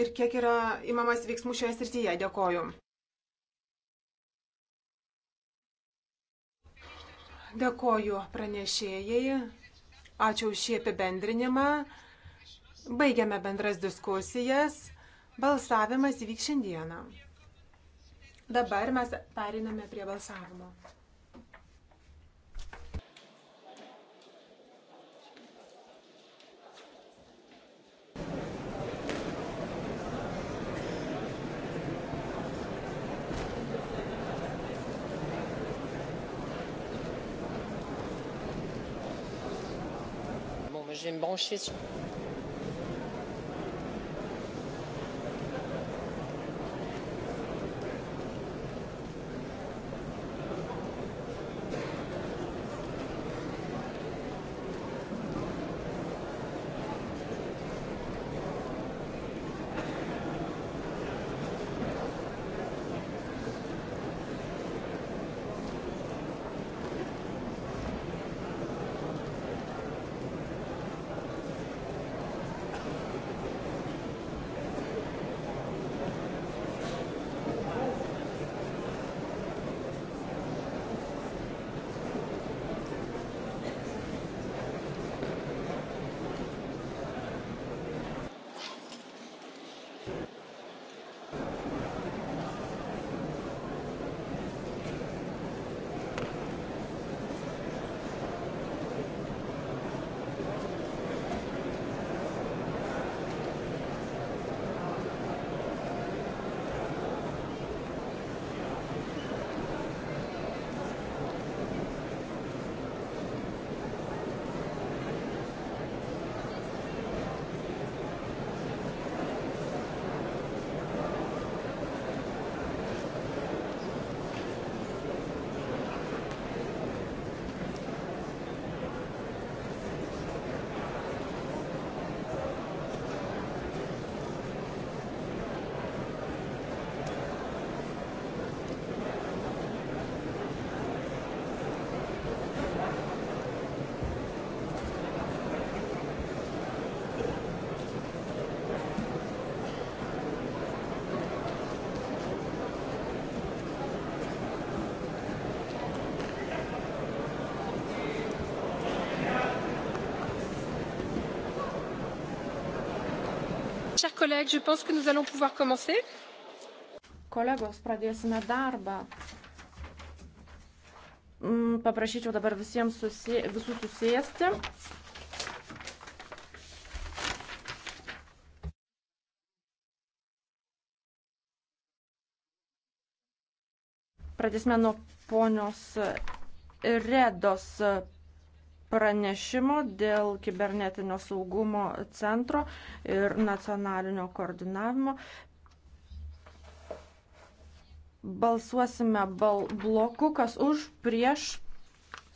ir kiek yra imamas veiksmų šioje srityje. Dėkoju. Dėkoju pranešėjai. Ačiū už šį apibendrinimą. Baigiame bendras diskusijas. Balsavimas įvyks šiandieną. Dabar mes periname prie balsavimo. vais me brancher sur. chers collègues, je pense que nous allons pouvoir commencer. Kolegos, pradėsime darbą. Mm, paprašyčiau dabar visiems susi, visus susėsti. Pradėsime nuo ponios Redos pranešimo dėl kibernetinio saugumo centro ir nacionalinio koordinavimo. Balsuosime bal bloku, kas už, prieš,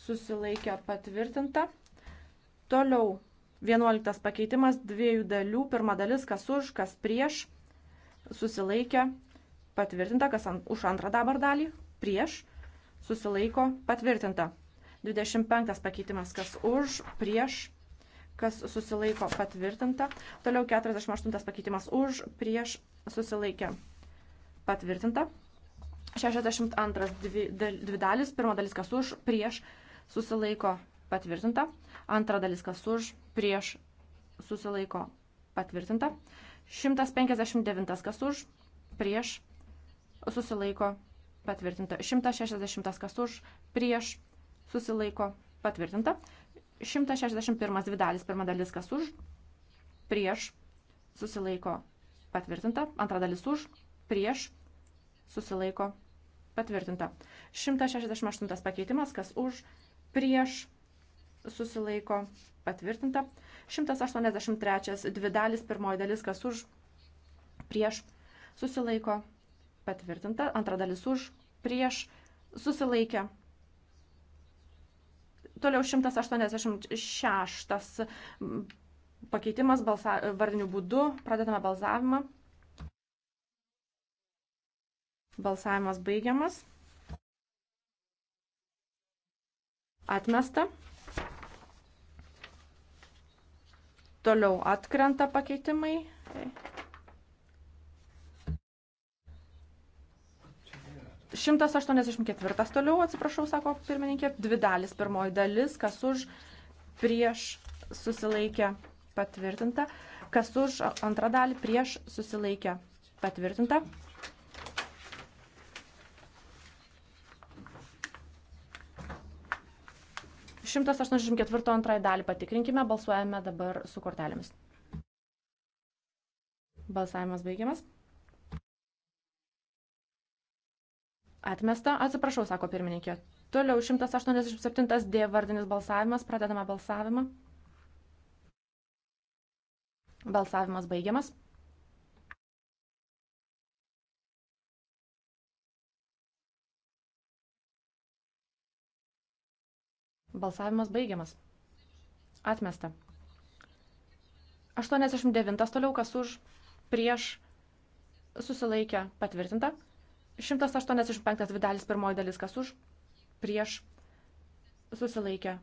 susilaikė patvirtinta. Toliau 11 pakeitimas dviejų dalių. Pirma dalis, kas už, kas prieš, susilaikė patvirtinta, kas an, už antrą dabar dalį, prieš, susilaiko patvirtinta. 25 pakeitimas, kas už, prieš, kas susilaiko patvirtinta. Toliau 48 pakeitimas už, prieš, susilaikė patvirtinta. 62 dvi, dvi dalis, pirma dalis kas už, prieš, susilaiko patvirtinta. Antra dalis kas už, prieš, susilaiko patvirtinta. 159 kas už, prieš, susilaiko patvirtinta. 160 kas už, prieš, susilaiko patvirtinta. 161 dvi dalis, pirma dalis kas už, prieš, susilaiko patvirtinta, antra dalis už, prieš, susilaiko patvirtinta. 168 pakeitimas, kas už, prieš, susilaiko patvirtinta. 183 dvi dalis, pirmoji dalis kas už, prieš, susilaiko patvirtinta, antra dalis už, prieš, susilaikė patvirtinta Toliau 186 pakeitimas balsa, vardiniu būdu. Pradedame balsavimą. Balsavimas baigiamas. Atmesta. Toliau atkrenta pakeitimai. Okay. 184 toliau, atsiprašau, sako pirmininkė, dvi dalis. Pirmoji dalis, kas už prieš susilaikę patvirtinta, kas už antrą dalį prieš susilaikę patvirtinta. Šimtas aštuoniasdešimt ketvirto antrąją dalį patikrinkime, balsuojame dabar su kortelėmis. Balsavimas baigiamas. Atmesta, atsiprašau, sako pirmininkė. Toliau 187 D vardinis balsavimas, pradedame balsavimą. Balsavimas baigiamas. Balsavimas baigiamas. Atmesta. 89 toliau kas už prieš susilaikę patvirtinta. 185 vidalis pirmoji dalis, kas už, prieš, susilaikė.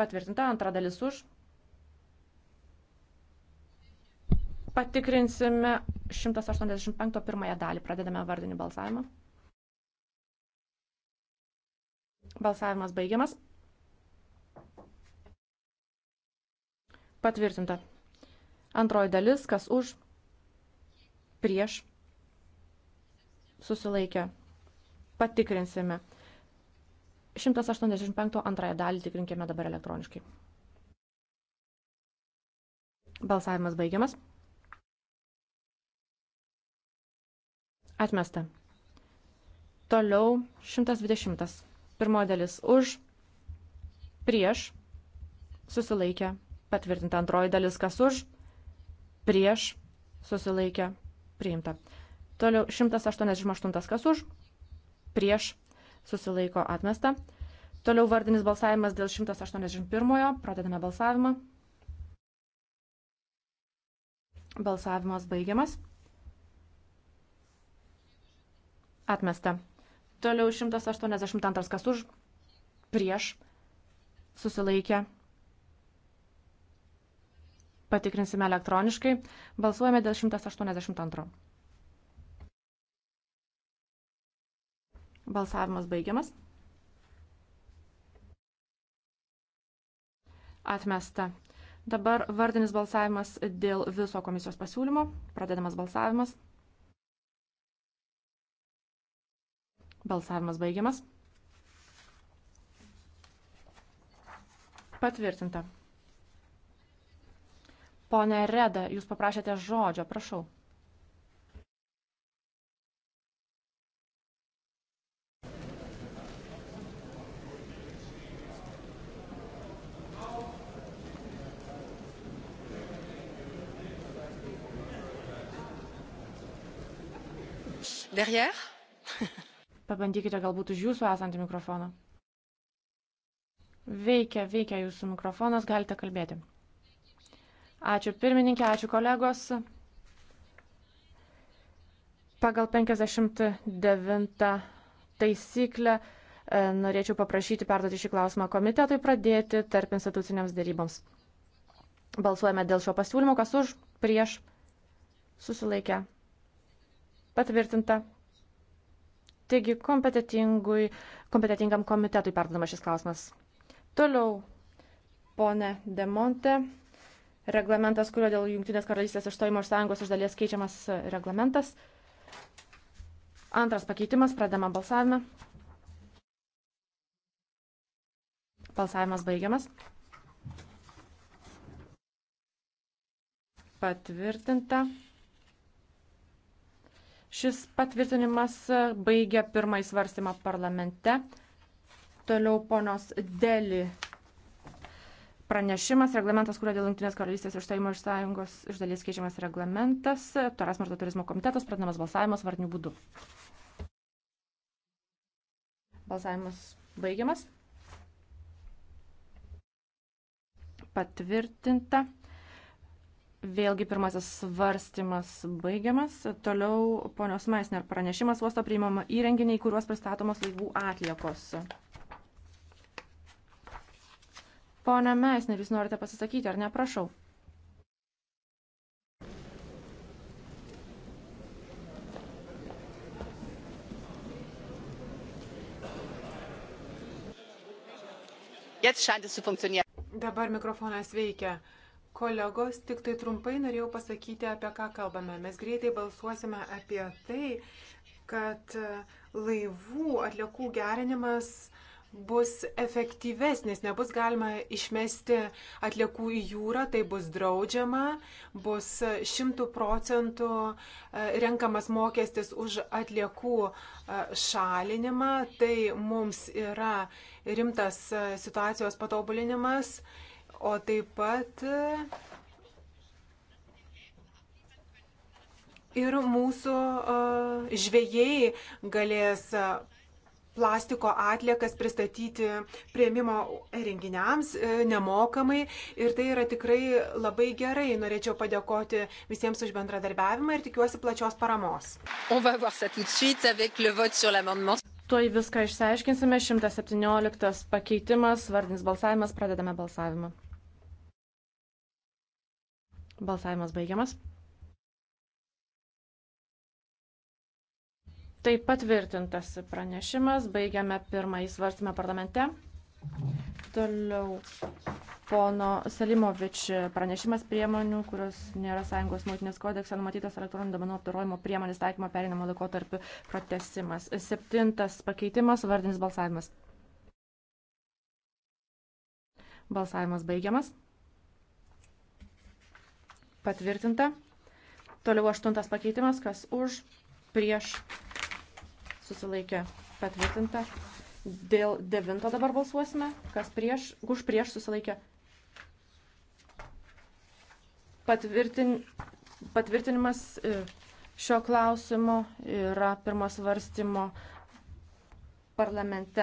Patvirtinta antra dalis už. Patikrinsime 185 pirmąją dalį. Pradedame vardinį balsavimą. Balsavimas baigiamas. Patvirtinta. Antroji dalis, kas už, prieš, susilaikė. Patikrinsime. 185 antrąją dalį tikrinkime dabar elektroniškai. Balsavimas baigiamas. Atmesta. Toliau 120. Pirmoji dalis už, prieš, susilaikė, patvirtinta antroji dalis kas už, prieš, susilaikė, priimta. Toliau 188 kas už, prieš susilaiko atmesta. Toliau vardinis balsavimas dėl 181. Pradedame balsavimą. Balsavimas baigiamas. Atmesta. Toliau 182 kas už, prieš susilaikė. Patikrinsime elektroniškai. Balsuojame dėl 182. Balsavimas baigiamas. Atmesta. Dabar vardinis balsavimas dėl viso komisijos pasiūlymo. Pradedamas balsavimas. Balsavimas baigiamas. Patvirtinta. Pone Reda, jūs paprašėte žodžio, prašau. Derrière? Pabandykite galbūt už jūsų esantį mikrofoną. Veikia, veikia jūsų mikrofonas, galite kalbėti. Ačiū pirmininkė, ačiū kolegos. Pagal 59 taisyklę e, norėčiau paprašyti perduoti šį klausimą komitetui pradėti tarp instituciniams dėryboms. Balsuojame dėl šio pasiūlymo, kas už, prieš, susilaikę, Patvirtinta. Taigi kompetitingam komitetui perdodama šis klausimas. Toliau, ponė Demonte, reglamentas, kurio dėl Junktinės karalystės išstojimo iš sąjungos iš dalies keičiamas e, reglamentas. Antras pakeitimas, pradama balsavimą. Balsavimas baigiamas. Patvirtinta. Šis patvirtinimas baigia pirmąjį svarstymą parlamente. Toliau ponios Deli pranešimas, reglamentas, kurio dėl Junktinės karalystės išstojimo iš sąjungos iš dalies keičiamas reglamentas, Toras Marto turizmo komitetas, pradedamas balsavimas vardiniu būdu. Balsavimas baigiamas. Patvirtinta. Vėlgi pirmasis svarstymas baigiamas. Toliau ponios Maisner pranešimas uosto priimama įrenginiai, kuriuos pristatomos laivų atliekos. Pone Maisner, jūs norite pasisakyti, ar ne? Prašau. Dabar mikrofonas veikia. Kolegos, tik tai trumpai norėjau pasakyti, apie ką kalbame. Mes greitai balsuosime apie tai, kad laivų atliekų gerinimas bus efektyvesnis, nebus galima išmesti atliekų į jūrą, tai bus draudžiama, bus šimtų procentų e, renkamas mokestis už atliekų e, šalinimą, tai mums yra rimtas e, situacijos patobulinimas o taip pat ir mūsų žvėjai galės plastiko atliekas pristatyti prieimimo renginiams e, nemokamai ir tai yra tikrai labai gerai. Norėčiau padėkoti visiems už bendradarbiavimą ir tikiuosi plačios paramos. Tuoj viską išsiaiškinsime. 117 pakeitimas, vardinis balsavimas, pradedame balsavimą. Balsavimas baigiamas. Taip patvirtintas pranešimas. Baigiame pirmąjį svarstymą parlamente. Toliau pono Selimovič pranešimas priemonių, kurios nėra Sąjungos muitinės kodekse numatytas elektroninių domenų aptarojimo priemonės taikymo perinamo laikotarpiu pratesimas. Septintas pakeitimas, vardinis balsavimas. Balsavimas baigiamas. Patvirtinta. Toliau aštuntas pakeitimas, kas už, prieš, susilaikė, patvirtinta. Dėl devinto dabar balsuosime, kas prieš, už prieš susilaikė. Patvirtin, patvirtinimas e, šio klausimo yra pirmas varstymo parlamente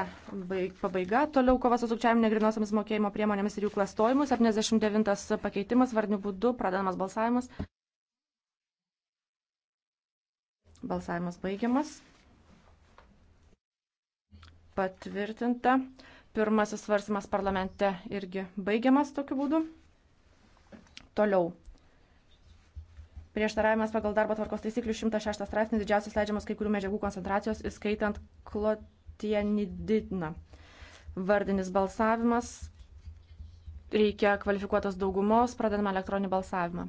baig, pabaiga. Toliau kova su sukčiavimu negrinosiamis mokėjimo priemonėmis ir jų klastojimu. 79 pakeitimas vardiniu būdu. Pradedamas balsavimas. Balsavimas baigiamas. Patvirtinta. Pirmasis svarstymas parlamente irgi baigiamas tokiu būdu. Toliau. Prieštaravimas pagal darbo tvarkos taisyklių 106 straipsnis didžiausias leidžiamas kai kurių medžiagų koncentracijos, įskaitant klot Martienidina. Vardinis balsavimas. Reikia kvalifikuotos daugumos. Pradedame elektroninį balsavimą.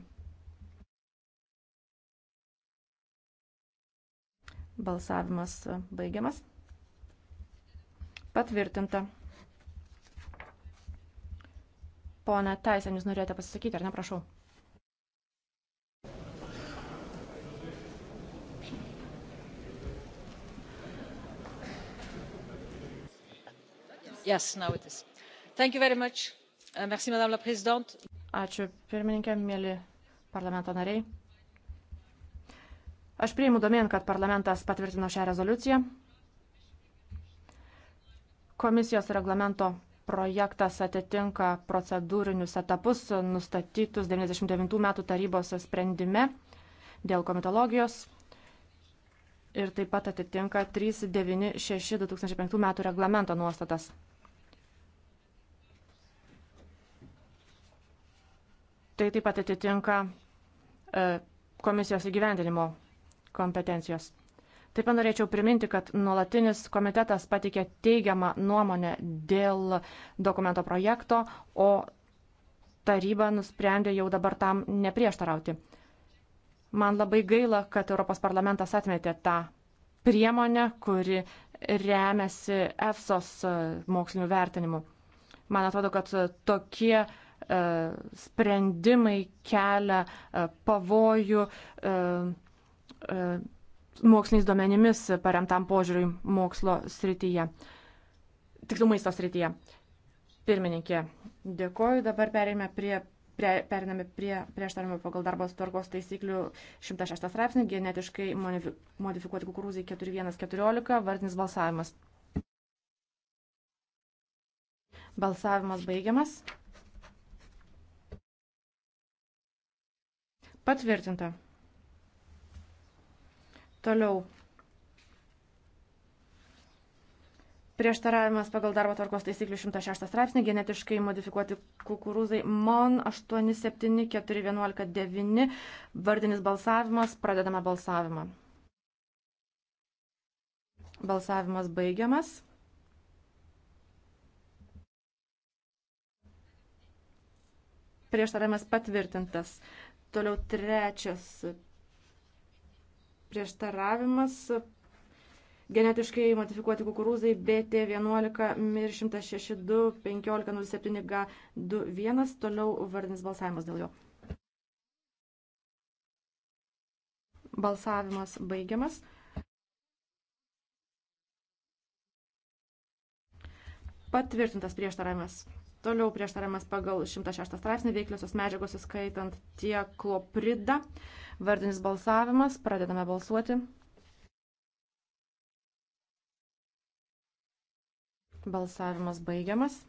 Balsavimas baigiamas. Patvirtinta. Pone Taisen, jūs norėjote pasisakyti, ar ne, prašau? Uh, madam president ačiū pirmininke mieli parlamento nariai aš priimu domėn kad parlamentas patvirtino šią rezoliuciją komisijos reglamento projektas atitinka procedūrinius etapus nustatytus 99 metų tarybos sprendime dėl komitologijos ir taip pat atitinka 396 2005 metų reglamento nuostatas. Tai taip pat atitinka e, komisijos įgyvendinimo kompetencijos. Taip pat norėčiau priminti, kad nuolatinis komitetas patikė teigiamą nuomonę dėl dokumento projekto, o taryba nusprendė jau dabar tam neprieštarauti. Man labai gaila, kad Europos parlamentas atmetė tą priemonę, kuri remiasi EFSOS e, mokslinių vertinimų. Man atrodo, kad tokie uh, E, sprendimai kelia e, pavojų e, moksliniais duomenimis paremtam požiūriui mokslo srityje, tiksliau maisto srityje. Pirmininkė, dėkoju, dabar perėmė prie prie, periname prie prieštaravimo pagal darbo tvarkos taisyklių 106 straipsnį, genetiškai modifikuoti kukurūzai 4114, vardinis balsavimas. Balsavimas baigiamas. Patvirtinta. Toliau. Prieštaravimas pagal darbo tvarkos taisyklių 106 straipsnį genetiškai modifikuoti kukurūzai MON 87419 vardinis balsavimas. Pradedame balsavimą. Balsavimas baigiamas. Prieštaravimas patvirtintas. Toliau trečias prieštaravimas. Genetiškai modifikuoti kukurūzai BT11 ir 162 1507 G21. Toliau vardinis balsavimas dėl jo. Balsavimas baigiamas. Patvirtintas prieštaravimas. Toliau prieštariamas pagal 106 straipsnį veikliosios medžiagos įskaitant tiek klopridą. Vardinis balsavimas. Pradedame balsuoti. Balsavimas baigiamas.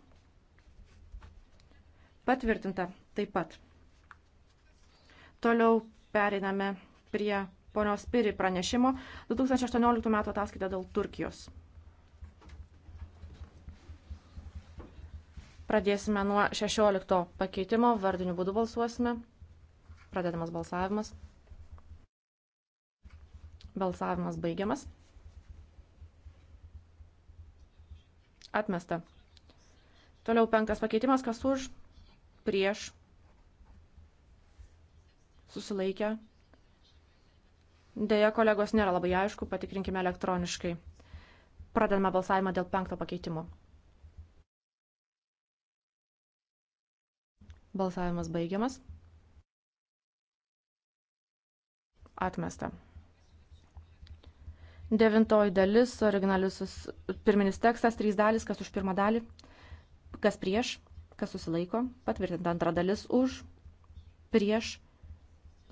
Patvirtinta taip pat. Toliau pereiname prie ponios Piri pranešimo 2018 m. ataskaita dėl Turkijos. Pradėsime nuo 16 pakeitimo, vardiniu būdu balsuosime. Pradedamas balsavimas. Balsavimas baigiamas. Atmesta. Toliau penktas pakeitimas, kas už, prieš, susilaikę. Deja, kolegos nėra labai aišku, patikrinkime elektroniškai. Pradedame balsavimą dėl penkto pakeitimo. Balsavimas baigiamas. Atmesta. Devintoji dalis, originaliusis pirminis tekstas, trys dalis, kas už pirmą dalį, kas prieš, kas susilaiko, patvirtinta antra dalis už, prieš,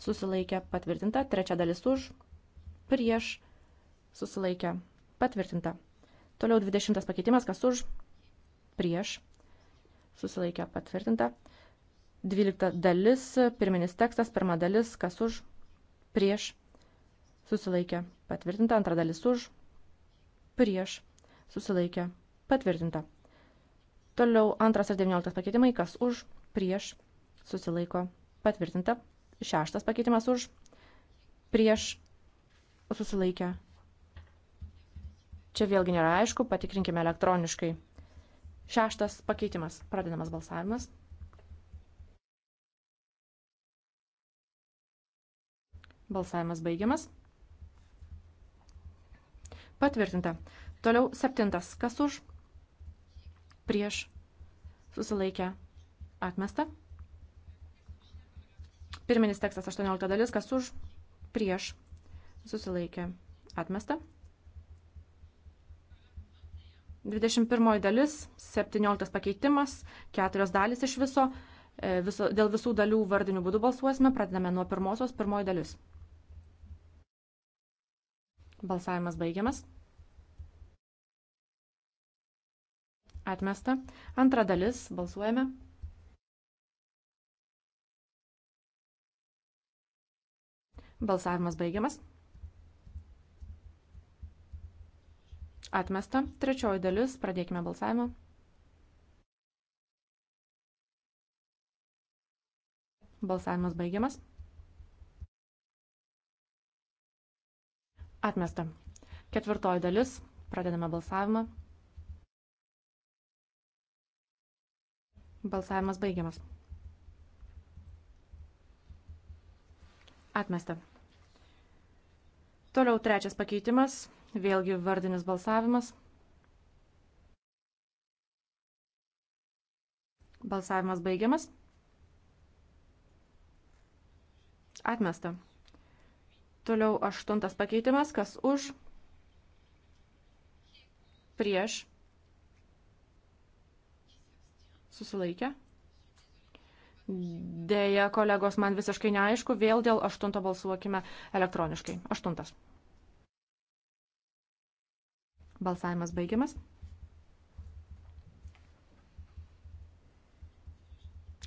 susilaikė, patvirtinta, trečia dalis už, prieš, susilaikė, patvirtinta. Toliau 20 pakeitimas, kas už, prieš, susilaikė, patvirtinta. 12 dalis, pirminis tekstas, pirma dalis, kas už, prieš, susilaikė, patvirtinta, antra dalis už, prieš, susilaikė, patvirtinta. Toliau antras ir 19 pakeitimai, kas už, prieš, susilaiko, patvirtinta. Šeštas pakeitimas už, prieš, susilaikė. Čia vėlgi nėra aišku, patikrinkime elektroniškai. Šeštas pakeitimas, pradedamas balsavimas. Balsavimas baigiamas. Patvirtinta. Toliau septintas. Kas už? Prieš. Susilaikę. Atmesta. Pirminis tekstas 18 dalis. Kas už? Prieš. Susilaikę. Atmesta. 21 dalis, 17 pakeitimas, 4 dalis iš viso. E, viso dėl visų dalių vardinių būdų balsuosime. Pradedame nuo pirmosios, pirmoji dalis. Balsavimas baigiamas. Atmesta. Antra dalis. Balsuojame. Balsavimas baigiamas. Atmesta. Trečioji dalis. Pradėkime balsavimą. Balsavimas baigiamas. Atmesta. Ketvirtoji dalis. Pradedame balsavimą. Balsavimas baigiamas. Atmesta. Toliau trečias pakeitimas. Vėlgi vardinis balsavimas. Balsavimas baigiamas. Atmesta. Toliau aštuntas pakeitimas, kas už, prieš, susilaikę. Deja, kolegos, man visiškai neaišku, vėl dėl aštunto balsuokime elektroniškai. Aštuntas. Balsavimas baigiamas.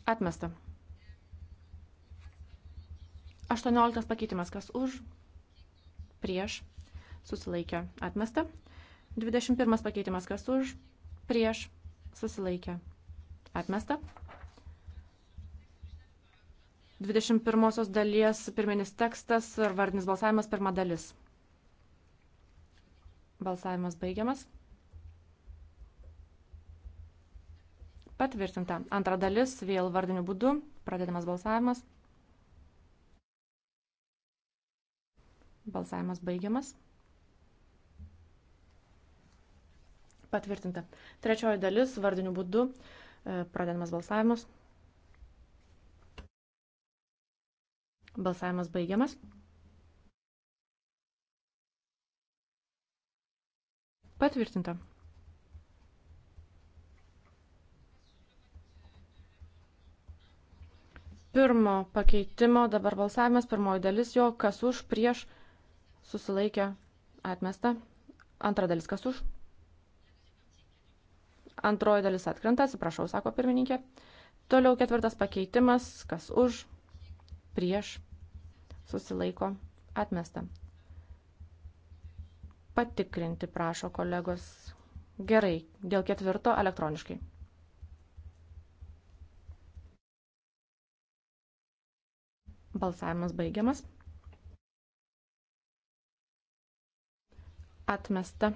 Atmesta. 18 pakeitimas, kas už, prieš, susilaikė, atmesta. 21 pakeitimas, kas už, prieš, susilaikė, atmesta. 21 dalies pirminis tekstas ir vardinis balsavimas pirma dalis. Balsavimas baigiamas. Patvirtinta. Antra dalis vėl vardiniu būdu. Pradedamas balsavimas. Balsavimas baigiamas. Patvirtinta. Trečioji dalis vardiniu būdu e, pradedamas balsavimas. Balsavimas baigiamas. Patvirtinta. Pirmo pakeitimo dabar balsavimas, pirmoji dalis jo, kas už prieš susilaikė, atmesta. Antra dalis kas už? Antroji dalis atkrenta, atsiprašau, sako pirmininkė. Toliau ketvirtas pakeitimas, kas už, prieš, susilaiko, atmesta. Patikrinti prašo kolegos. Gerai, dėl ketvirto elektroniškai. Balsavimas baigiamas. Atmesta.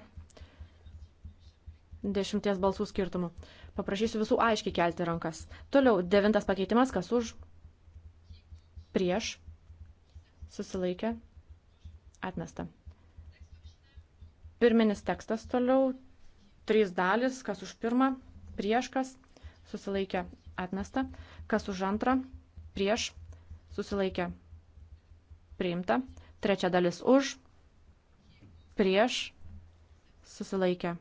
Dešimties balsų skirtumų. Paprašysiu visų aiškiai kelti rankas. Toliau, devintas pakeitimas, kas už, prieš, susilaikė, atmesta. Pirminis tekstas toliau, trys dalis, kas už pirmą, prieš, kas, susilaikė, atmesta, kas už antrą, prieš, susilaikė, priimta, trečia dalis už, prieš, susilaikė.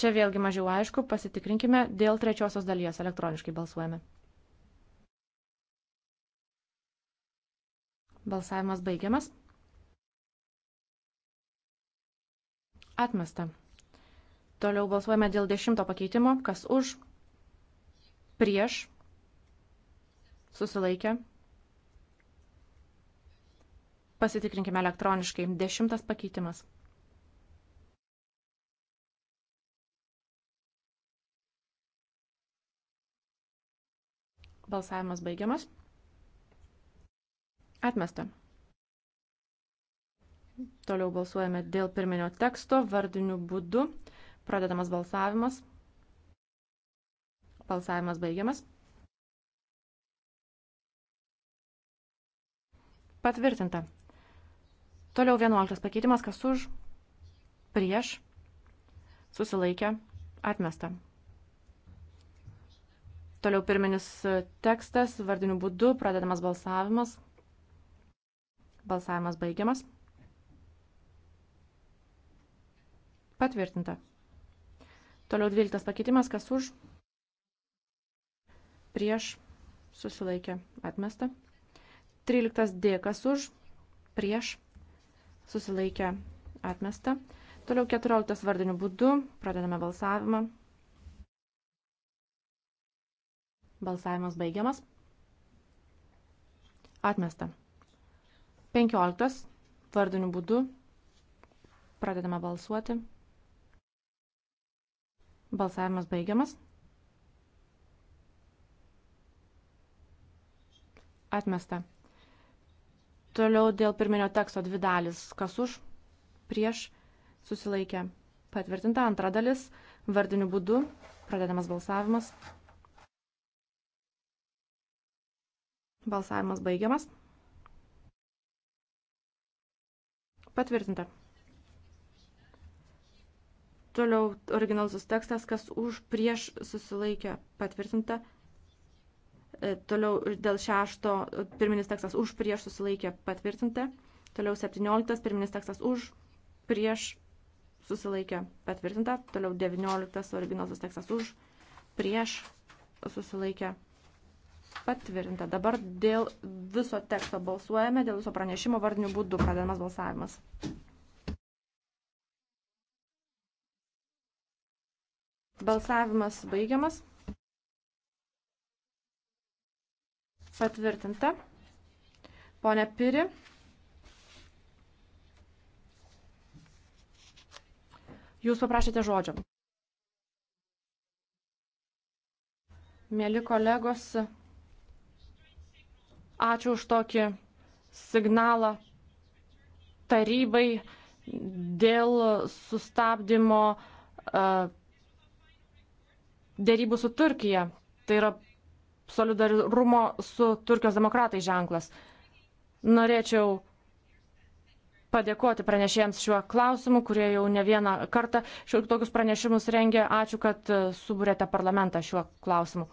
Čia vėlgi mažiau aišku, pasitikrinkime dėl trečiosios dalies elektroniškai balsuojame. Balsavimas baigiamas. Atmesta. Toliau balsuojame dėl dešimto pakeitimo. Kas už? Prieš? Susilaikė? Pasitikrinkime elektroniškai. Dešimtas pakeitimas. Balsavimas baigiamas. Atmesta. Toliau balsuojame dėl pirminio teksto vardiniu būdu. Pradedamas balsavimas. Balsavimas baigiamas. Patvirtinta. Toliau 11 pakeitimas, kas už, prieš, susilaikė, atmesta. Toliau pirminis tekstas, vardiniu būdu, pradedamas balsavimas. Balsavimas baigiamas. Patvirtinta. Toliau 12 pakeitimas, kas už, prieš, susilaikė, atmesta. 13 D, kas už, prieš, susilaikė atmesta. Toliau 14 vardiniu būdu pradedame balsavimą. Balsavimas baigiamas. Atmesta. 15 vardiniu būdu pradedame balsuoti. Balsavimas baigiamas. Atmesta. Toliau dėl pirminio teksto dvi dalis. Kas už, prieš, susilaikė. Patvirtinta antra dalis. Vardiniu būdu pradedamas balsavimas. Balsavimas baigiamas. Patvirtinta. Toliau originalusis tekstas, kas už prieš susilaikė patvirtinta. E, toliau dėl šešto pirminis tekstas už prieš susilaikė patvirtinti. Toliau 17 pirminis tekstas už prieš susilaikė patvirtinta. Toliau 19 originalus tekstas už prieš susilaikė patvirtinta. Dabar dėl viso teksto balsuojame, dėl viso pranešimo vardinių būdų pradedamas balsavimas. Balsavimas baigiamas. Patvirtinta. Pone Piri. Jūs paprašėte žodžio. Mėly kolegos, ačiū už tokį signalą tarybai dėl sustabdymo dėrybų su Turkija. Tai yra solidarumo su Turkijos demokratai ženklas. Norėčiau padėkoti pranešėjams šiuo klausimu, kurie jau ne vieną kartą tokius pranešimus rengė. Ačiū, kad e, subūrėte parlamentą šiuo klausimu.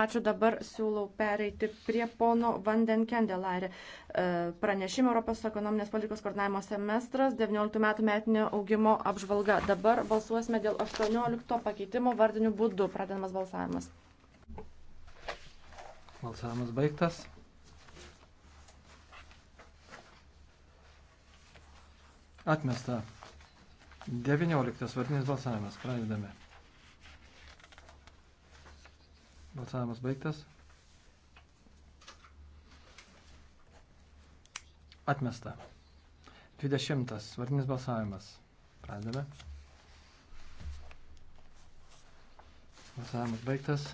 Ačiū, dabar siūlau pereiti prie pono Vandenkendelarė. E, pranešimo Europos ekonominės politikos koordinavimo semestras, 19 metų metinio augimo apžvalga. Dabar balsuosime dėl 18 pakeitimo vardiniu būdu, pradedamas balsavimas. Balsavimas baigtas. Atmesta. 19 vardinis balsavimas. Pradedame. Balsavimas baigtas. Atmesta. 20. Vardinis balsavimas. Pradedame. Balsavimas baigtas.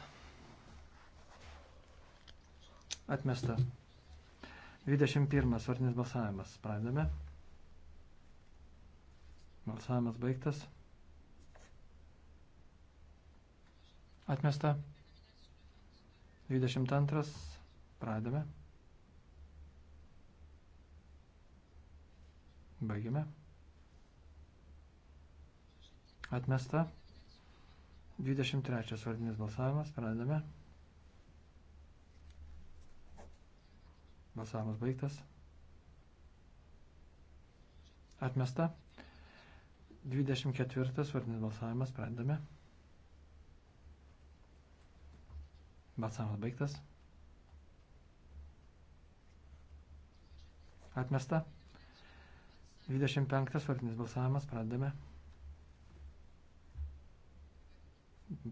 Atmesta. 21. Vardinis balsavimas. Pradedame. Balsavimas baigtas. Atmesta. 22. Pradedame. Baigiame. Atmesta. 23. Vardinis balsavimas. Pradedame. Balsavimas baigtas. Atmesta. 24 vardinis balsavimas. Pradedame. Balsavimas baigtas. Atmesta. 25 vardinis balsavimas. Pradedame.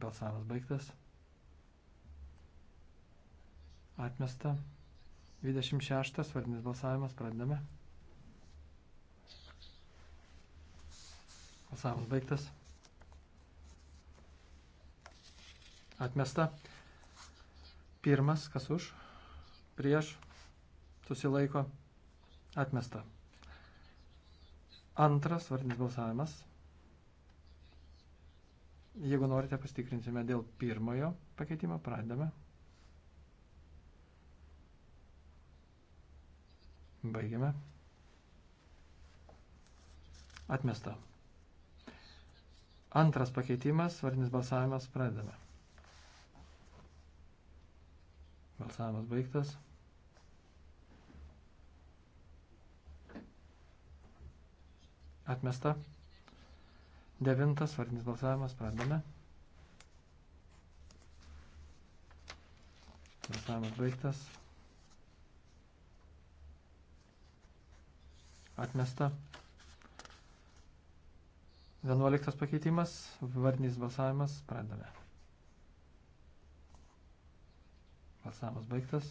Balsavimas baigtas. Atmesta. 26 vardinis balsavimas, pradedame. Balsavimas baigtas. Atmesta. Pirmas, kas už, prieš, susilaiko, atmesta. Antras vardinis balsavimas. Jeigu norite, pastikrinsime dėl pirmojo pakeitimo, pradedame. Baigiame. Atmesta. Antras pakeitimas, vardinis balsavimas, pradedame. Balsavimas baigtas. Atmesta. Devintas, vardinis balsavimas, pradedame. Balsavimas baigtas. atmesta. 11 pakeitimas, vardinis balsavimas, pradame. Balsavimas baigtas.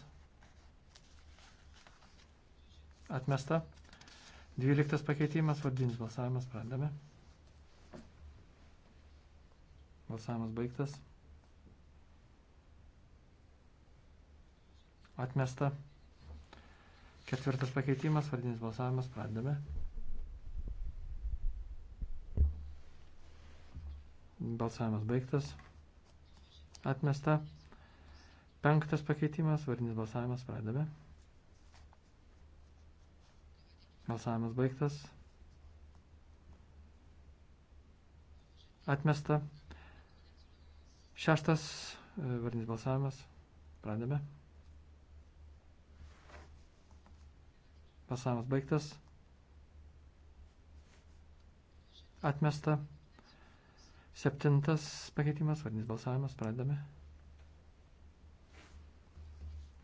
Atmesta. 12 pakeitimas, vardinis balsavimas, pradame. Balsavimas baigtas. Atmesta. Ketvirtas pakeitimas, vardinis balsavimas, pradedame. Balsavimas baigtas. Atmesta. Penktas pakeitimas, vardinis balsavimas, pradedame. Balsavimas baigtas. Atmesta. Šeštas e, vardinis balsavimas. Pradedame. Pasavimas baigtas. Atmesta. Septintas pakeitimas, vardinis balsavimas, pradedame.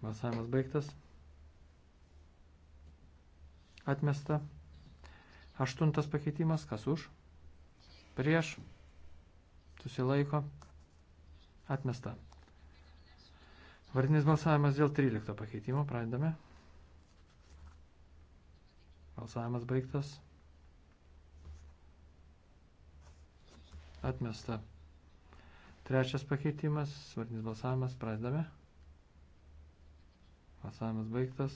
Balsavimas baigtas. Atmesta. Aštuntas pakeitimas, kas už? Prieš. Susilaiko. Atmesta. Vardinis balsavimas dėl 13 pakeitimo, pradedame. Balsavimas baigtas. Atmesta. Trečias pakeitimas, svartinis balsavimas, pradedame. Balsavimas baigtas.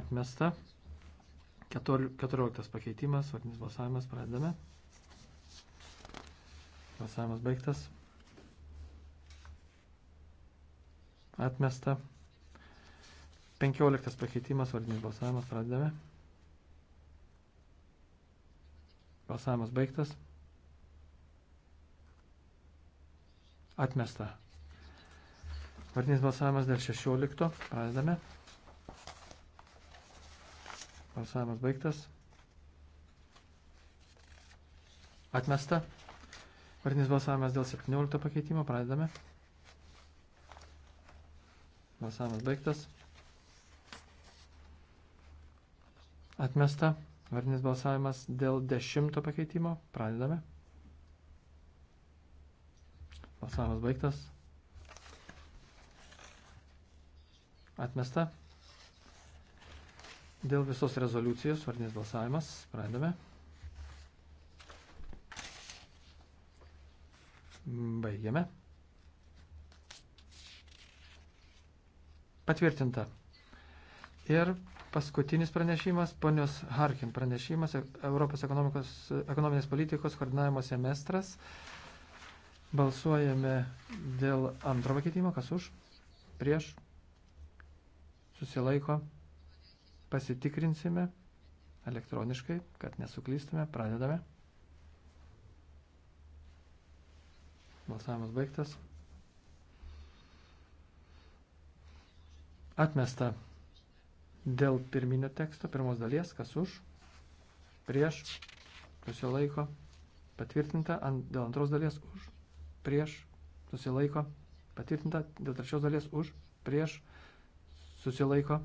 Atmesta. Keturioliktas pakeitimas, svartinis balsavimas, pradedame. Balsavimas baigtas. Atmesta. 15 pakeitimas, vardinis balsavimas, pradedame. Balsavimas baigtas. Atmesta. Vardinis balsavimas dėl 16, pradedame. Balsavimas baigtas. Atmesta. Vardinis balsavimas dėl 17 pakeitimo, pradedame. Balsavimas baigtas. Atmesta. Vardinis balsavimas dėl dešimto pakeitimo. Pradedame. Balsavimas baigtas. Atmesta. Dėl visos rezoliucijos vardinis balsavimas. Pradedame. Baigiame. Patvirtinta. Ir Paskutinis pranešimas, ponios Harkin pranešimas, Europos ekonominės politikos koordinavimo semestras. Balsuojame dėl antro pakeitimo, kas už, prieš, susilaiko, pasitikrinsime elektroniškai, kad nesuklystume, pradedame. Balsavimas baigtas. Atmesta dėl pirminio teksto, pirmos dalies, kas už, prieš, susilaiko, patvirtinta, ant, dėl antros dalies už, prieš, susilaiko, patvirtinta, dėl trečios dalies už, prieš, susilaiko,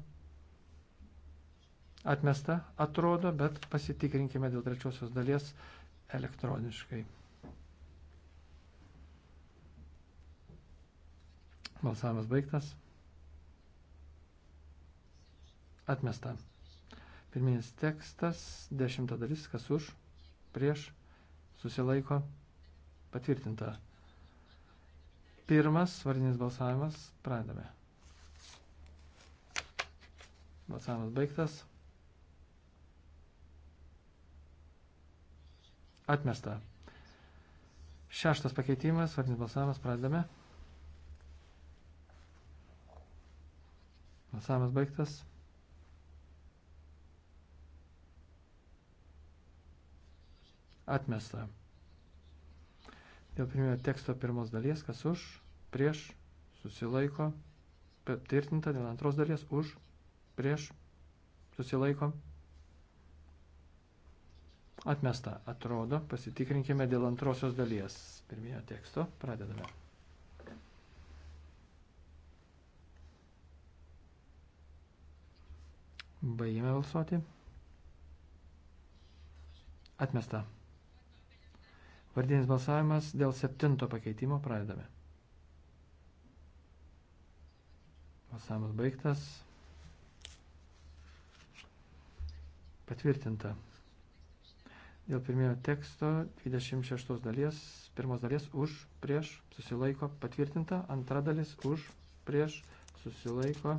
atmesta, atrodo, bet pasitikrinkime dėl trečiosios dalies elektroniškai. Balsavimas baigtas. atmesta. Pirminis tekstas, dešimta dalis, kas už, prieš, susilaiko, patvirtinta. Pirmas vardinis balsavimas, pradame. Balsavimas baigtas. Atmesta. Šeštas pakeitimas, vardinis balsavimas, pradame. Balsavimas baigtas. atmesta. Dėl pirminio teksto pirmos dalies, kas už, prieš, susilaiko, patvirtinta, dėl antros dalies, už, prieš, susilaiko, atmesta, atrodo, pasitikrinkime dėl antrosios dalies pirminio teksto, pradedame. Baigime balsuoti. Atmesta. Vardinis balsavimas dėl septinto pakeitimo pradedame. Balsavimas baigtas. Patvirtinta. Dėl pirmiejo teksto 26 dalies, pirmos dalies už, prieš, susilaiko, patvirtinta. Antra dalis už, prieš, susilaiko.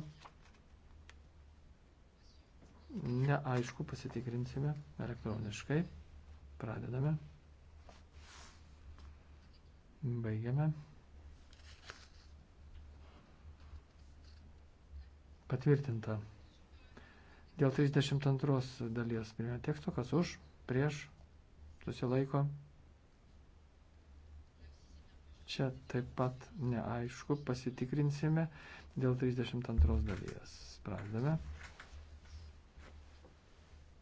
Neaišku, pasitikrinsime elektroniškai. Pradedame. Baigiame. Patvirtinta. Dėl 32 dalies pirminio teksto, kas už, prieš, susilaiko. Čia taip pat neaišku, pasitikrinsime dėl 32 dalies. Sprendame.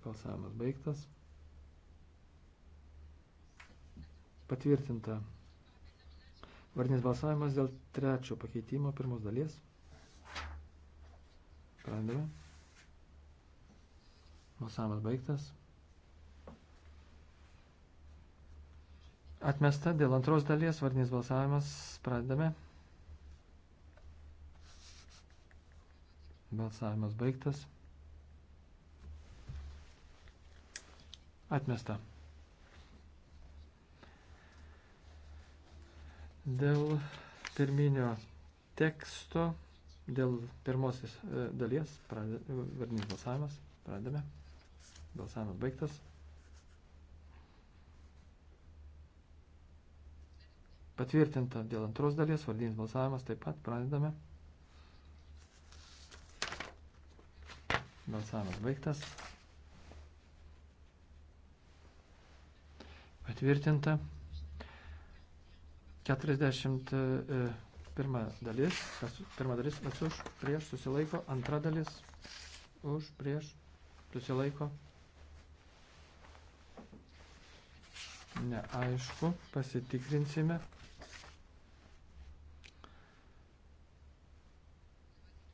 Balsavimas baigtas. Patvirtinta. Vardinis balsavimas dėl trečio pakeitimo pirmos dalies. Pradedame. Balsavimas baigtas. Atmesta dėl antros dalies vardinis balsavimas. Pradedame. Balsavimas baigtas. Atmesta. Dėl pirminio teksto, dėl pirmosios e, dalies, vardinis balsavimas, pradame. Balsavimas baigtas. Patvirtinta dėl antros dalies, vardinis balsavimas taip pat pradedame. Balsavimas baigtas. Patvirtinta. 41 e, dalis, kas, pirma dalis, kas už, prieš, susilaiko, antra dalis, už, prieš, susilaiko. Neaišku, pasitikrinsime.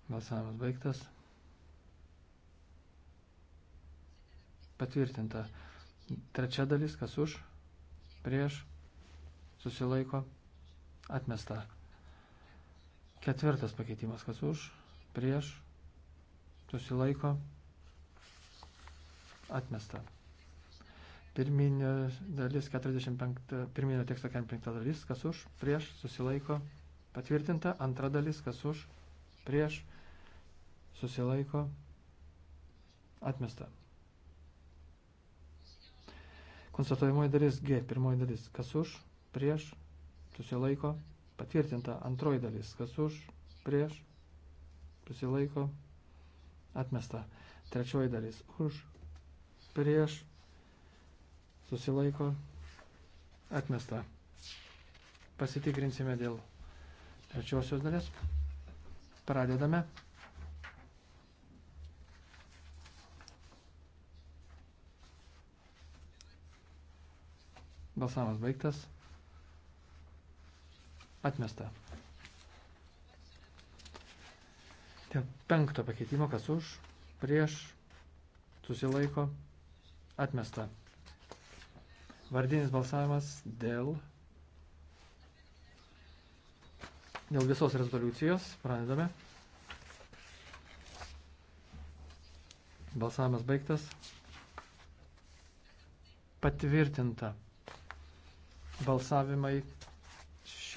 Balsavimas baigtas. Patvirtinta. Trečia dalis, kas už, prieš, susilaiko. Atmesta. Ketvirtas pakeitimas, kas už, prieš, susilaiko, atmesta. Pirminė dalis 45, pirminio teksto 45 dalis, kas už, prieš, susilaiko, patvirtinta. Antra dalis, kas už, prieš, susilaiko, atmesta. Konstatuojamoji dalis G, pirmoji dalis, kas už, prieš, susilaiko, patvirtinta antroji dalis, kas už, prieš, susilaiko, atmesta. Trečioji dalis, už, prieš, susilaiko, atmesta. Pasitikrinsime dėl trečiosios dalies. Pradedame. Balsavimas baigtas. Atmesta. Dėl penkto pakeitimo, kas už, prieš, susilaiko, atmesta. Vardinis balsavimas dėl, dėl visos rezoliucijos. Pradedame. Balsavimas baigtas. Patvirtinta. Balsavimai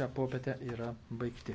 šią popietę yra baigti.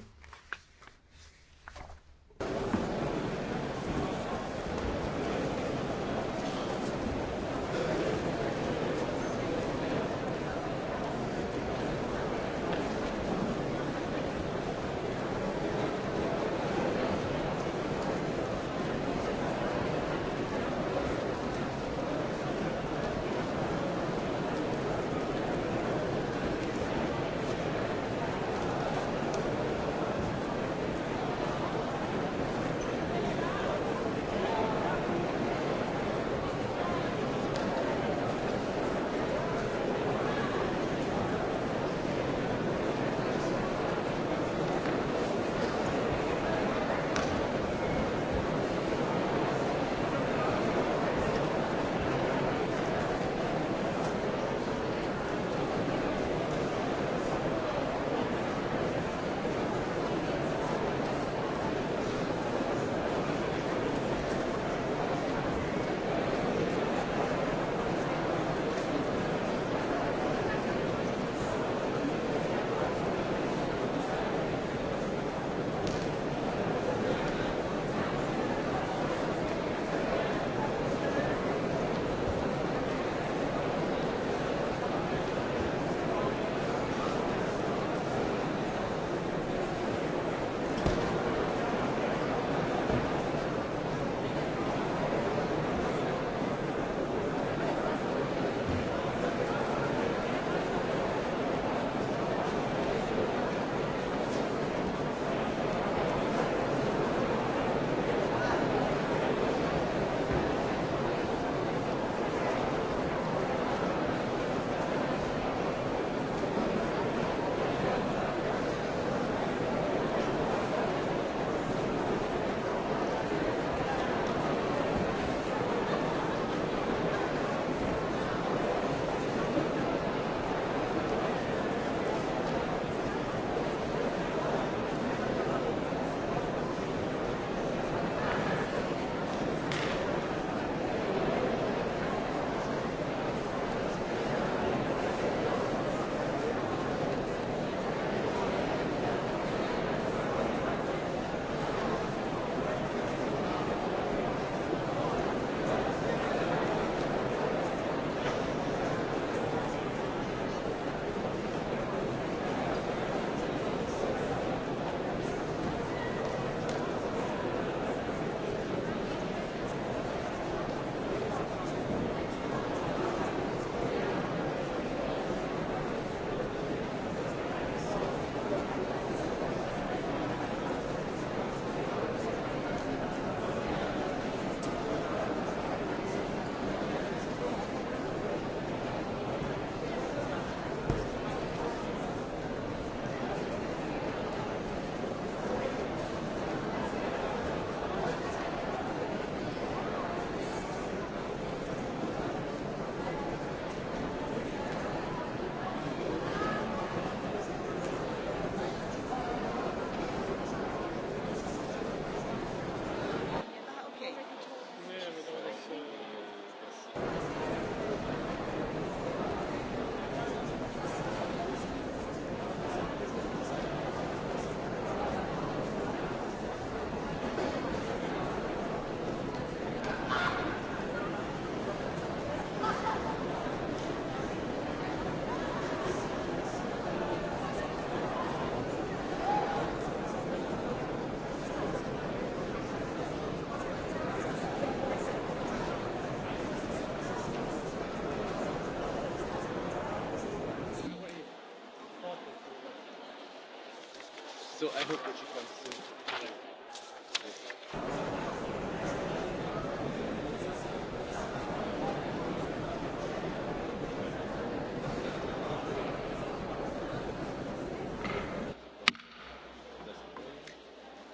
i hope that she comes soon.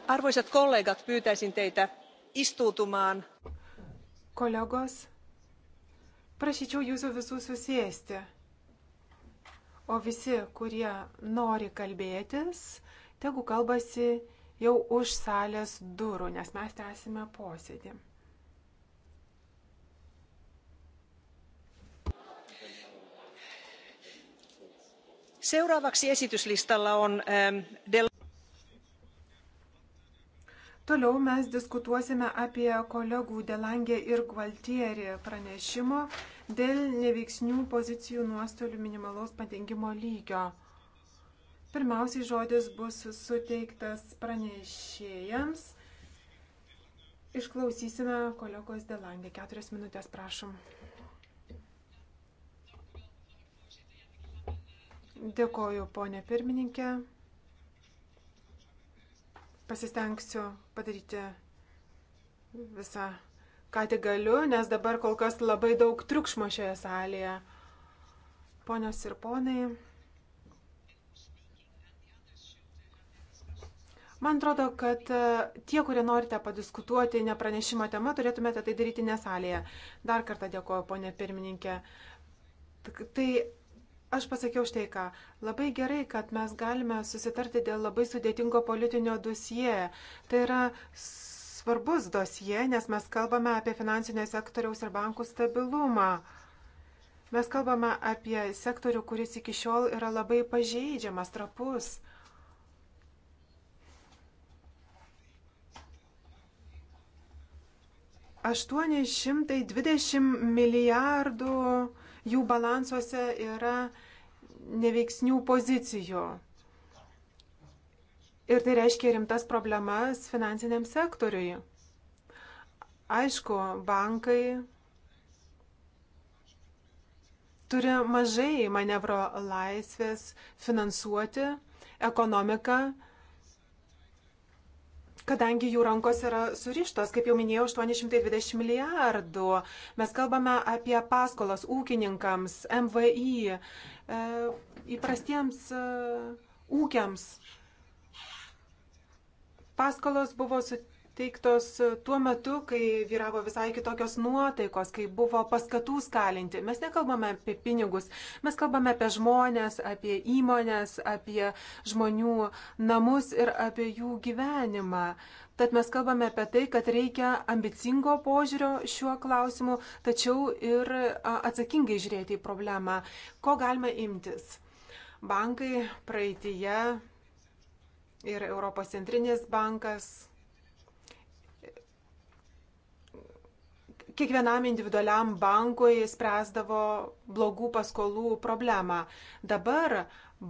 arvoisat kollegat pyytäisin teitä istuutumaan. kolegos prašyčiau jūsų visų susėsti o visi kurie nori kalbėtis tegu kalbasi jau už salės durų, nes mes tęsime posėdį. Seuraavaksi esityslistalla on ähm, Toliau mes diskutuosime apie kolegų Delangė ir Gvaltierį pranešimo dėl neveiksnių pozicijų nuostolių minimalaus padengimo lygio. Pirmiausiai žodis bus suteiktas pranešėjams. Išklausysime kolegos Delangė. Keturias minutės, prašom. Dėkoju, ponė pirmininkė. Pasistengsiu padaryti visą, ką tik galiu, nes dabar kol kas labai daug triukšmo šioje salėje. Ponios ir ponai. Man atrodo, kad e, tie, kurie norite padiskutuoti nepranešimo tema, turėtumėte tai daryti nesalėje. Dar kartą dėkoju, ponė pirmininkė. Tai aš pasakiau štai ką. Labai gerai, kad mes galime susitarti dėl labai sudėtingo politinio dosie. Tai yra svarbus dosie, nes mes kalbame apie finansinio sektoriaus ir bankų stabilumą. Mes kalbame apie sektorių, kuris iki šiol yra labai pažeidžiamas, trapus. 820 milijardų jų balansuose yra neveiksnių pozicijų. Ir tai reiškia rimtas problemas finansiniam sektoriui. Aišku, bankai turi mažai manevro laisvės finansuoti ekonomiką kadangi jų rankos yra surištos, kaip jau minėjau, 820 milijardų. Mes kalbame apie paskolas ūkininkams, MVI, e, įprastiems e, ūkiams. Paskolos buvo sutikta pateiktos tuo metu, kai vyravo visai kitokios nuotaikos, kai buvo paskatų skalinti. Mes nekalbame apie pinigus, mes kalbame apie žmonės, apie įmonės, apie žmonių namus ir apie jų gyvenimą. Tad mes kalbame apie tai, kad reikia ambicingo požiūrio šiuo klausimu, tačiau ir atsakingai žiūrėti į problemą. Ko galima imtis? Bankai praeitįje ir Europos centrinis bankas kiekvienam individualiam bankui spręsdavo blogų paskolų problemą. Dabar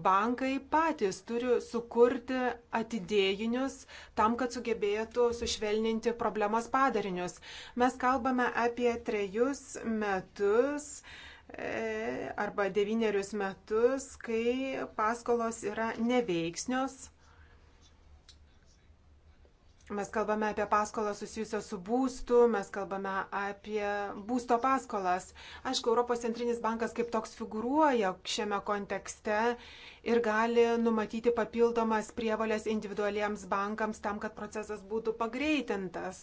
bankai patys turi sukurti atidėjinius tam, kad sugebėtų sušvelninti problemos padarinius. Mes kalbame apie trejus metus e, arba devynerius metus, kai paskolos yra neveiksnios Mes kalbame apie paskolą susijusią su būstu, mes kalbame apie būsto paskolas. Aišku, Europos centrinis bankas kaip toks figuruoja šiame kontekste ir gali numatyti papildomas prievalės individualiems bankams tam, kad procesas būtų pagreitintas.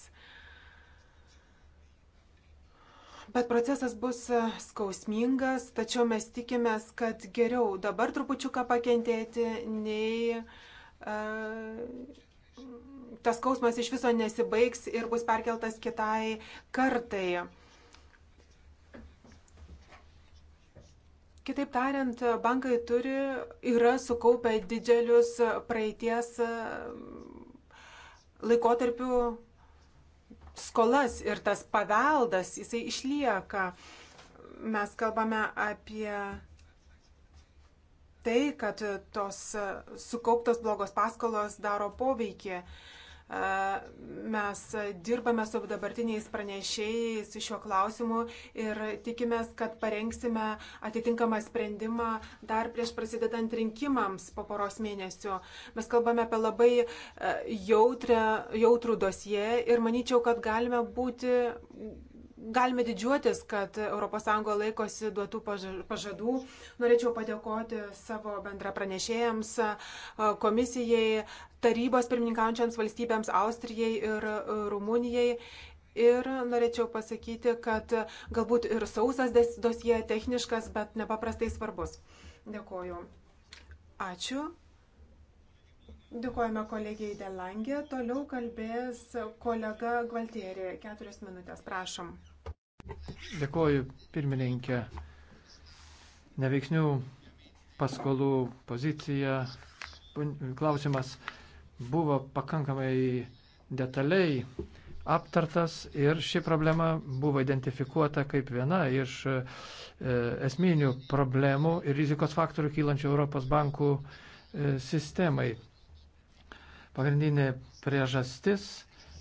Bet procesas bus skausmingas, tačiau mes tikimės, kad geriau dabar trupučiuką pakentėti, nei uh, tas skausmas iš viso nesibaigs ir bus perkeltas kitai kartai. Kitaip tariant, bankai turi, yra sukaupę didelius praeities e, laikotarpių skolas ir tas paveldas, jisai išlieka. Mes kalbame apie tai, kad tos sukauptos blogos paskolos daro poveikį. Mes dirbame su dabartiniais pranešėjais šiuo klausimu ir tikimės, kad parengsime atitinkamą sprendimą dar prieš prasidedant rinkimams po poros mėnesių. Mes kalbame apie labai jautrę, jautrų dosiją ir manyčiau, kad galime būti galime didžiuotis, kad ES laikosi duotų pažadų. Norėčiau padėkoti savo bendra pranešėjams, komisijai, tarybos pirmininkaujančiams valstybėms Austrijai ir Rumunijai. Ir norėčiau pasakyti, kad galbūt ir sausas dosie techniškas, bet nepaprastai svarbus. Dėkoju. Ačiū. Dėkojame kolegijai Delangė. Toliau kalbės kolega Gvaltieri. Keturias minutės, prašom. Dėkoju, pirmininkė. Neveiksnių paskolų pozicija. Klausimas buvo pakankamai detaliai aptartas ir ši problema buvo identifikuota kaip viena iš e, esminių problemų ir rizikos faktorių kylančių Europos bankų e, sistemai. Pagrindinė priežastis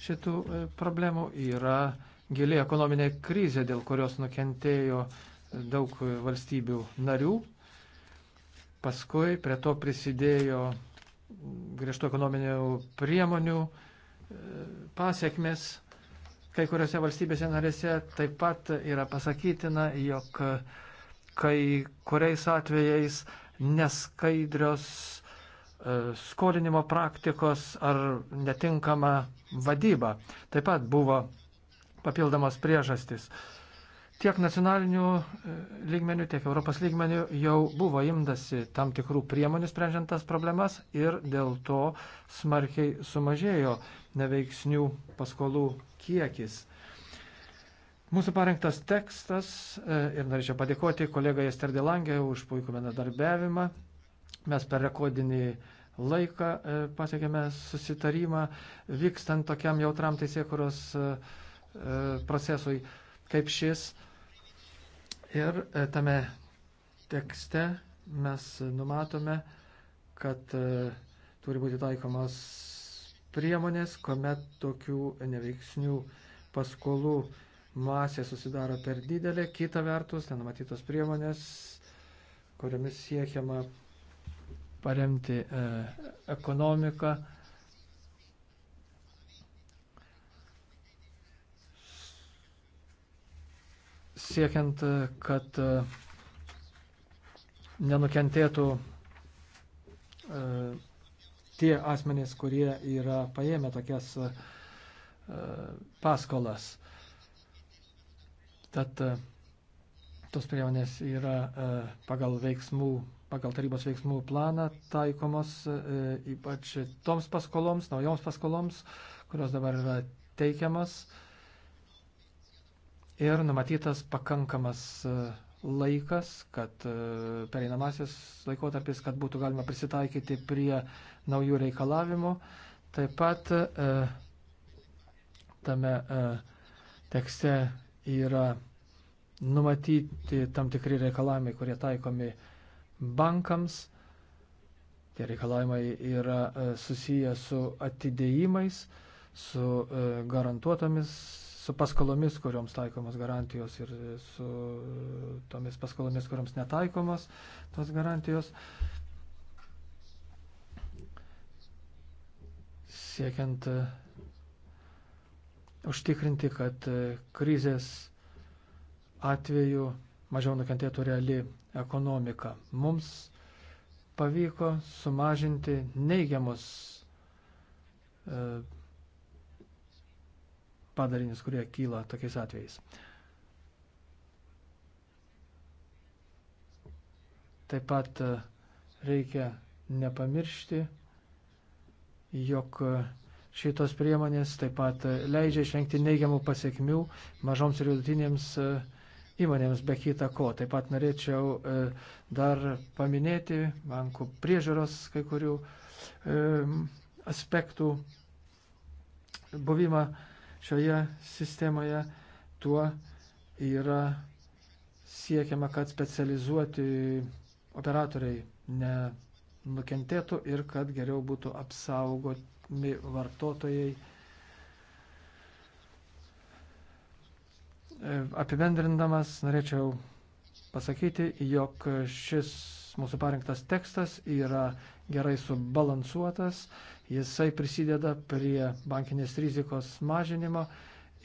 šitų e, problemų yra gili ekonominė krizė, dėl kurios nukentėjo daug valstybių narių. Paskui prie to prisidėjo griežtų ekonominių priemonių e, pasiekmes. Kai kuriuose valstybėse narėse taip pat yra pasakytina, jog kai kuriais atvejais neskaidrios E, skolinimo praktikos ar netinkama vadyba. Taip pat buvo papildomos priežastys. Tiek nacionalinių e, lygmenių, tiek Europos lygmenių jau buvo imdasi tam tikrų priemonių sprendžiant tas problemas ir dėl to smarkiai sumažėjo neveiksnių paskolų kiekis. Mūsų parengtas tekstas e, ir norėčiau padėkoti kolegai Esterdėlangė už puikų bendradarbiavimą Mes per rekordinį laiką e, pasiekėme susitarimą, vykstant tokiam jautram teisėkuros e, e, procesui kaip šis. Ir tame tekste mes numatome, kad turi būti taikomas priemonės, kuomet tokių neveiksnių paskolų masė susidaro per didelė. Kita vertus, nenumatytos priemonės, kuriomis siekiama paremti e, ekonomiką, siekiant, e, kad e, nenukentėtų e, tie asmenys, kurie yra paėmę tokias e, paskolas. Tad e, tos priemonės yra e, pagal veiksmų pagal tarybos veiksmų planą taikomos e, ypač toms paskoloms, naujoms paskoloms, kurios dabar yra teikiamas ir numatytas pakankamas e, laikas, kad e, pereinamasis laikotarpis, kad būtų galima prisitaikyti prie naujų reikalavimų. Taip pat tame tekste yra numatyti tam tikri reikalavimai, kurie taikomi bankams. Tie reikalavimai yra e, susiję su atidėjimais, su e, garantuotomis, su paskolomis, kuriuoms taikomos garantijos ir e, su tomis paskolomis, kuriuoms netaikomos tos garantijos. Siekiant užtikrinti, kad krizės atveju mažiau nukentėtų reali ekonomiką. Mums pavyko sumažinti neigiamus e, padarinius, kurie kyla tokiais atvejais. Taip pat e, reikia nepamiršti, jog e, šitos priemonės taip pat leidžia išvengti neigiamų pasiekmių mažoms ir vidutinėms įmonėms įmonėms be kita ko. Taip pat norėčiau e, dar paminėti bankų priežiūros kai kurių e, aspektų buvimą šioje sistemoje. Tuo yra siekiama, kad specializuoti operatoriai nenukentėtų ir kad geriau būtų apsaugomi vartotojai E, apibendrindamas norėčiau pasakyti, jog šis mūsų parinktas tekstas yra gerai subalansuotas, jisai prisideda prie bankinės rizikos mažinimo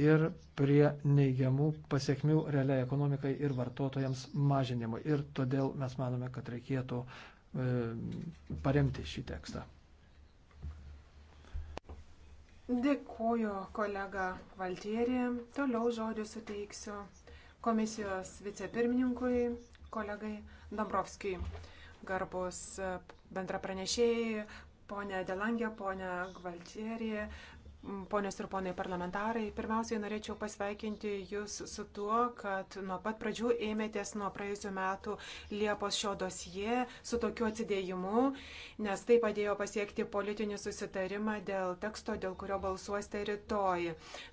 ir prie neigiamų pasiekmių realiai ekonomikai ir vartotojams mažinimo. Ir todėl mes manome, kad reikėtų e, paremti šį tekstą. Dėkuoju kolega Valtierį. Toliau žodį suteiksiu komisijos vicepirmininkui, kolegai Dombrovskijui. Garbus e, bendrapranešėjai, ponė Delangė, ponė Gvaltierį, Ponios ir ponai parlamentarai, pirmiausiai norėčiau pasveikinti Jūs su tuo, kad nuo pat pradžių ėmėtės nuo praėjusių metų Liepos šio dosie su tokiu atsidėjimu, nes tai padėjo pasiekti politinį susitarimą dėl teksto, dėl kurio balsuosite rytoj.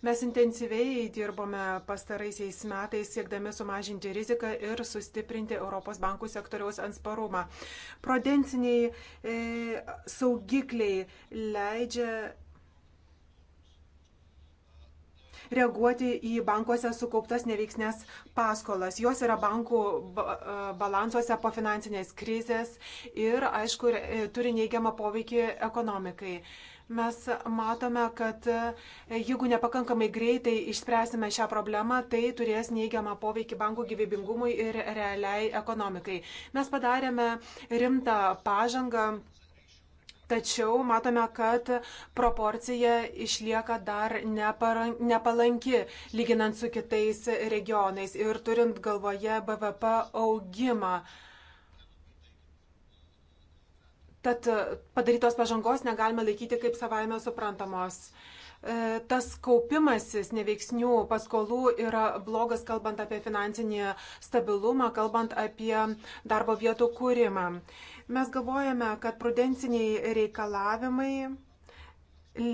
Mes intensyviai dirbome pastaraisiais metais, siekdami sumažinti riziką ir sustiprinti Europos bankų sektoriaus ansparumą. Prudenciniai e, saugikliai leidžia reaguoti į bankuose sukauptas neveiksnės paskolas. Jos yra bankų e, balansuose po finansinės krizės ir, aišku, e, turi neigiamą poveikį ekonomikai. Mes matome, kad e, jeigu nepakankamai greitai išspręsime šią problemą, tai turės neigiamą poveikį bankų gyvybingumui ir realiai ekonomikai. Mes padarėme rimtą pažangą Tačiau matome, kad proporcija išlieka dar nepalanki, lyginant su kitais regionais ir turint galvoje BVP augimą. Tad padarytos pažangos negalime laikyti kaip savaime suprantamos. E, tas kaupimasis neveiksnių paskolų yra blogas, kalbant apie finansinį stabilumą, kalbant apie darbo vietų kūrimą. Mes galvojame, kad prudenciniai reikalavimai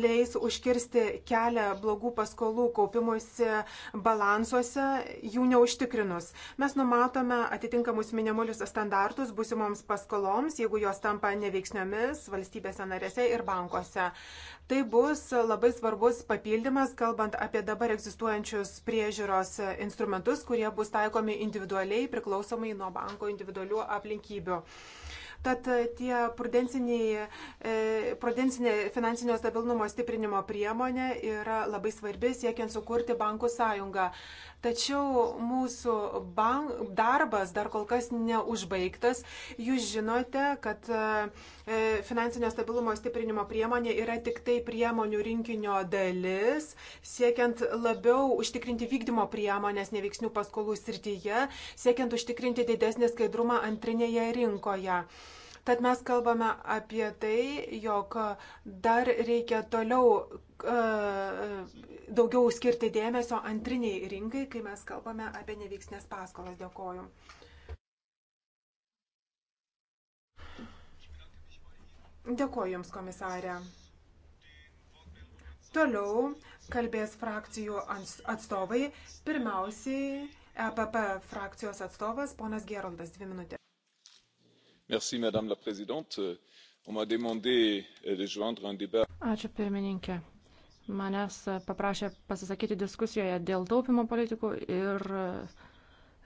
leis užkirsti kelią blogų paskolų kaupimuose balansuose, jų neužtikrinus. Mes numatome atitinkamus minimalius standartus būsimoms paskoloms, jeigu jos tampa neveiksniomis valstybėse narėse ir bankuose. Tai bus labai svarbus papildymas, kalbant apie dabar egzistuojančius priežiūros instrumentus, kurie bus taikomi individualiai priklausomai nuo banko individualių aplinkybių. Tad e, tie e, prudencinė finansinio stabilumo stiprinimo priemonė yra labai svarbi siekiant sukurti bankų sąjungą. Tačiau mūsų bank, darbas dar kol kas neužbaigtas. Jūs žinote, kad e, finansinio stabilumo stiprinimo priemonė yra tik tai priemonių rinkinio dalis, siekiant labiau užtikrinti vykdymo priemonės neveiksnių paskolų srityje, siekiant užtikrinti didesnį skaidrumą antrinėje rinkoje. Tad mes kalbame apie tai, jog dar reikia toliau e, daugiau skirti dėmesio antriniai rinkai, kai mes kalbame apie neveiksnės paskolas. Dėkoju. Dėkoju Jums, komisarė. Toliau kalbės frakcijų atstovai. Pirmiausiai EPP frakcijos atstovas, ponas Geraldas, dvi minutės madame la présidente euh, on m'a demandé euh, de joindre un débat. ačiū pirmininke manęs euh, paprašė pasisakyti diskusijoje dėl taupymo politikų ir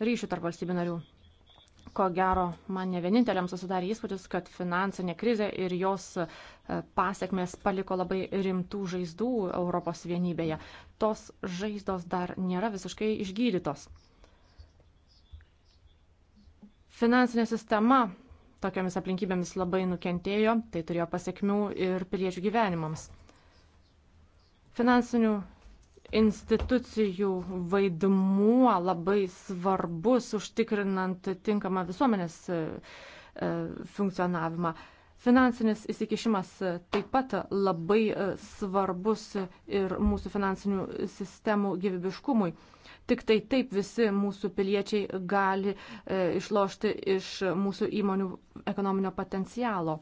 ryšių tarp valstybių narių. Ko gero, man ne vieninteliam susidarė įspūdis, kad finansinė krizė ir jos pasiekmes paliko labai rimtų žaizdų Europos vienybėje. Tos žaizdos dar nėra visiškai išgydytos. Finansinė sistema tokiamis aplinkybėmis labai nukentėjo, tai turėjo pasiekmių ir piliečių gyvenimams. Finansinių institucijų vaidmuo labai svarbus užtikrinant tinkamą visuomenės e, e, funkcionavimą. Finansinis įsikišimas taip pat labai e, svarbus ir mūsų finansinių sistemų gyvybiškumui. Tik tai taip visi mūsų piliečiai gali e, išlošti iš mūsų įmonių ekonominio potencialo.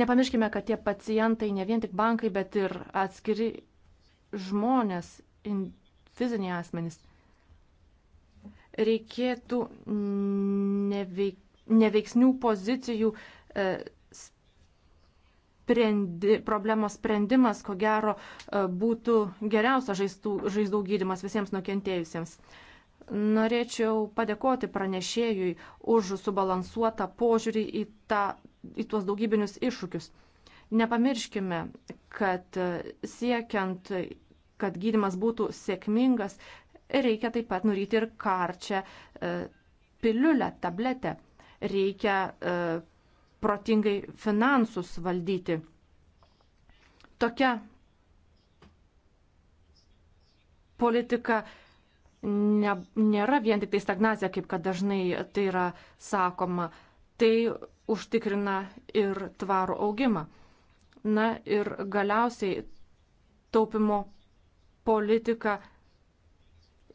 Nepamirškime, kad tie pacientai ne vien tik bankai, bet ir atskiri žmonės, in, fiziniai asmenys. Reikėtų neveik, neveiksnių pozicijų e, sprendi, problemos sprendimas, ko gero, e, būtų geriausia žaistų, žaizdų gydimas visiems nukentėjusiems. Norėčiau padėkoti pranešėjui už subalansuotą požiūrį į, tą, į tuos daugybinius iššūkius. Nepamirškime, kad e, siekiant, kad gydimas būtų sėkmingas, reikia taip pat nuryti ir karčią e, piliulę, tabletę. Reikia e, protingai finansus valdyti. Tokia politika ne, nėra vien tik tai stagnacija, kaip kad dažnai tai yra sakoma. Tai užtikrina ir tvarų augimą. Na ir galiausiai taupimo politika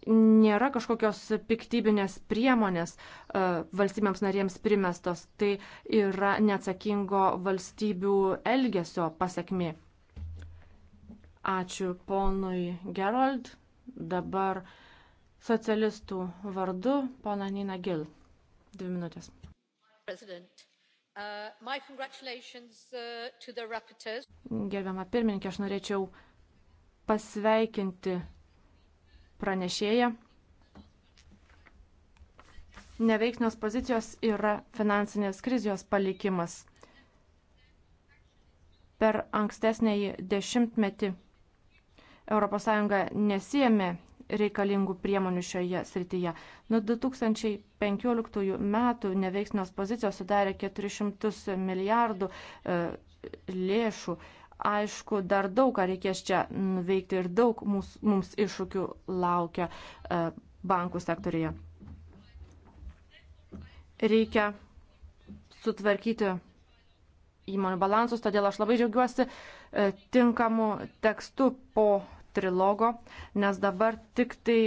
nėra kažkokios piktybinės priemonės e, valstybėms narėms primestos, tai yra neatsakingo valstybių elgesio pasiekmi. Ačiū ponui Gerold, dabar socialistų vardu pona Nina Gil. Dvi minutės. President. Uh, uh, Gerbiama pirmininkė, aš norėčiau pasveikinti pranešėja. Neveiksnios pozicijos yra finansinės krizijos palikimas. Per ankstesnį dešimtmetį ES nesijėmė reikalingų priemonių šioje srityje. Nuo 2015 metų neveiksnios pozicijos sudarė 400 milijardų e, lėšų, Aišku, dar daug ką reikės čia veikti ir daug mums, mums iššūkių laukia e, bankų sektorėje. Reikia sutvarkyti įmonių balansus, todėl aš labai džiaugiuosi e, tinkamu tekstu po trilogo, nes dabar tik tai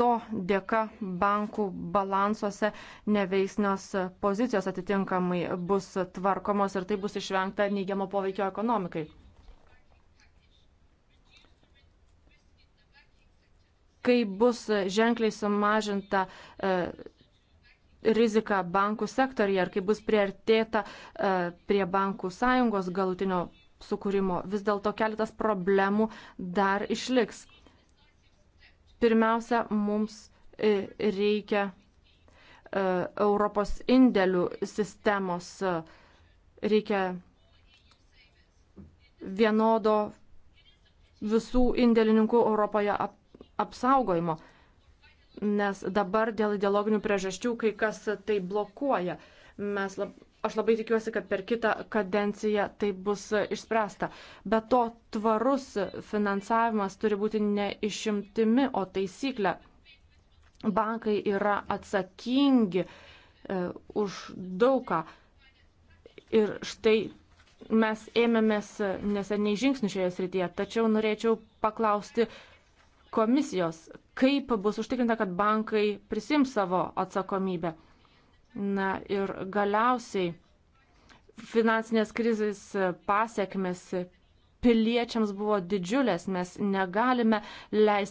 to dėka bankų balansuose neveisnios pozicijos atitinkamai bus tvarkomos ir tai bus išvengta neigiamo poveikio ekonomikai. Kai bus ženkliai sumažinta e, rizika bankų sektorija ir kai bus priartėta e, prie bankų sąjungos galutinio sukūrimo, vis dėlto keletas problemų dar išliks. Pirmiausia, mums e, reikia e, Europos indėlių sistemos, e, reikia vienodo visų indėlininkų Europoje apsaugojimo, nes dabar dėl ideologinių priežasčių kai kas tai blokuoja. Mes lab, Aš labai tikiuosi, kad per kitą kadenciją tai bus išspręsta. Be to, tvarus finansavimas turi būti ne išimtimi, o taisyklė. Bankai yra atsakingi e, už daugą. Ir štai mes ėmėmės neseniai žingsnių šioje srityje, tačiau norėčiau paklausti komisijos, kaip bus užtikrinta, kad bankai prisims savo atsakomybę. Na ir galiausiai finansinės krizės pasiekmes piliečiams buvo didžiulės. Mes negalime leisti,